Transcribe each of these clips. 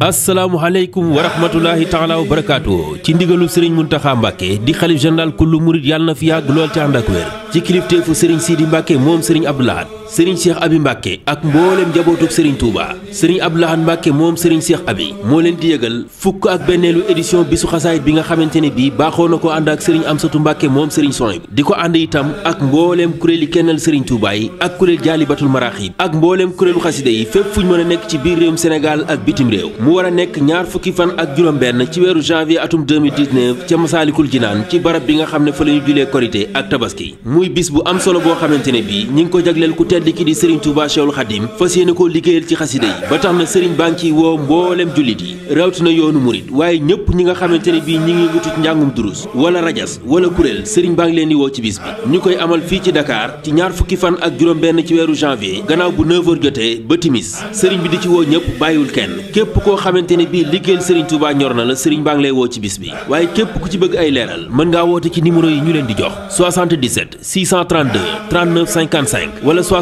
asalaamualeykum wa rahmatulahi taala wa barakaatu ci ndigalu sëriñ Muntaxa Mbàkke di xalif général kullu murit yàlla na fi yàgg lool ci ànd ak wér ci kilifteefu sëriñ Sidi Mbàkke moom sëriñ Abdou Lahad sëriñ Cheikh Abi Mbacke ak mbooleem njabootug sëriñ Touba sëriñ Abdou Lahad Mbacke moom sëriñ Cheikh Abi moo leen di yëgal fukk ak benneelu édition bisu xasaayit bi nga xamante ne bii baaxoo na ko ànd ak sëriñ Amsatu Mbacke moom sëriñ Soy di ko ànd itam ak mbooleem kuréeli kennal sëriñ Touba yi ak kuréel jaalibatul maraaxib ak mbooleem kuréelu xasida yi fépp fu ñu mën a nekk ci biir réewum Sénégal ak bitim réew mu war a nekk ñaar fukki fan ak juróom-benn ci weeru janvier atum 2019 ca Masaalikul Jinaan ci barab bi nga xam ne fa la ñu julee korité ak tabaski muy bis bu am solo boo xamante ne tedd ki di Serigne Touba Cheikhoul Khadim fas yéene koo liggéeyal ci xasida yi ba tax na Serigne baa ngi ciy woo mboolem jullit yi rawatina yoonu murit waaye ñëpp ñi nga xamante ne ñi ngi yëngatu njàngum durus wala rajas wala kuréel Serigne baa ngi leen di woo ci bis bi ñu koy amal fii ci Dakar ci ñaar fukki fan ak juróom benn ci weeru janvier gannaaw bu 9h jotee ba timis Serigne bi di ci woo ñëpp bàyyiwul kenn képp koo xamante ne bii liggéeyal Serigne Touba ñor na la Serigne baa ngi lay woo ci bi waaye képp ku ci bëgg ay leeral mën ngaa yi ñu leen di jox 77 632 39 55 wala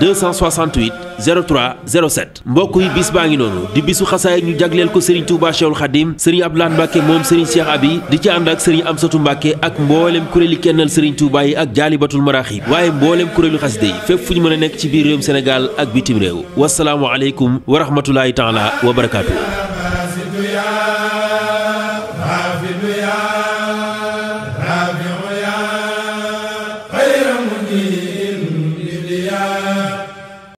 268 03 07 mbokk yi bis baa ngi noonu di bisu xasaay ñu jagleel ko Serigne Touba Cheikhoul Khadim Serigne Abdoulaye Mbacke moom Serigne Cheikh Abi di ci ànd ak Serigne Amsatou Mbacke ak mboolem kuréeli kennal Serigne Touba yi ak jaalibatul maraaxib waaye mboolem kuréelu xasida yi fépp fu ñu mën a nekk ci biir réewum Sénégal ak bitim réew wasalaamu aleykum wa rahmatulahi taala wa barakaatu.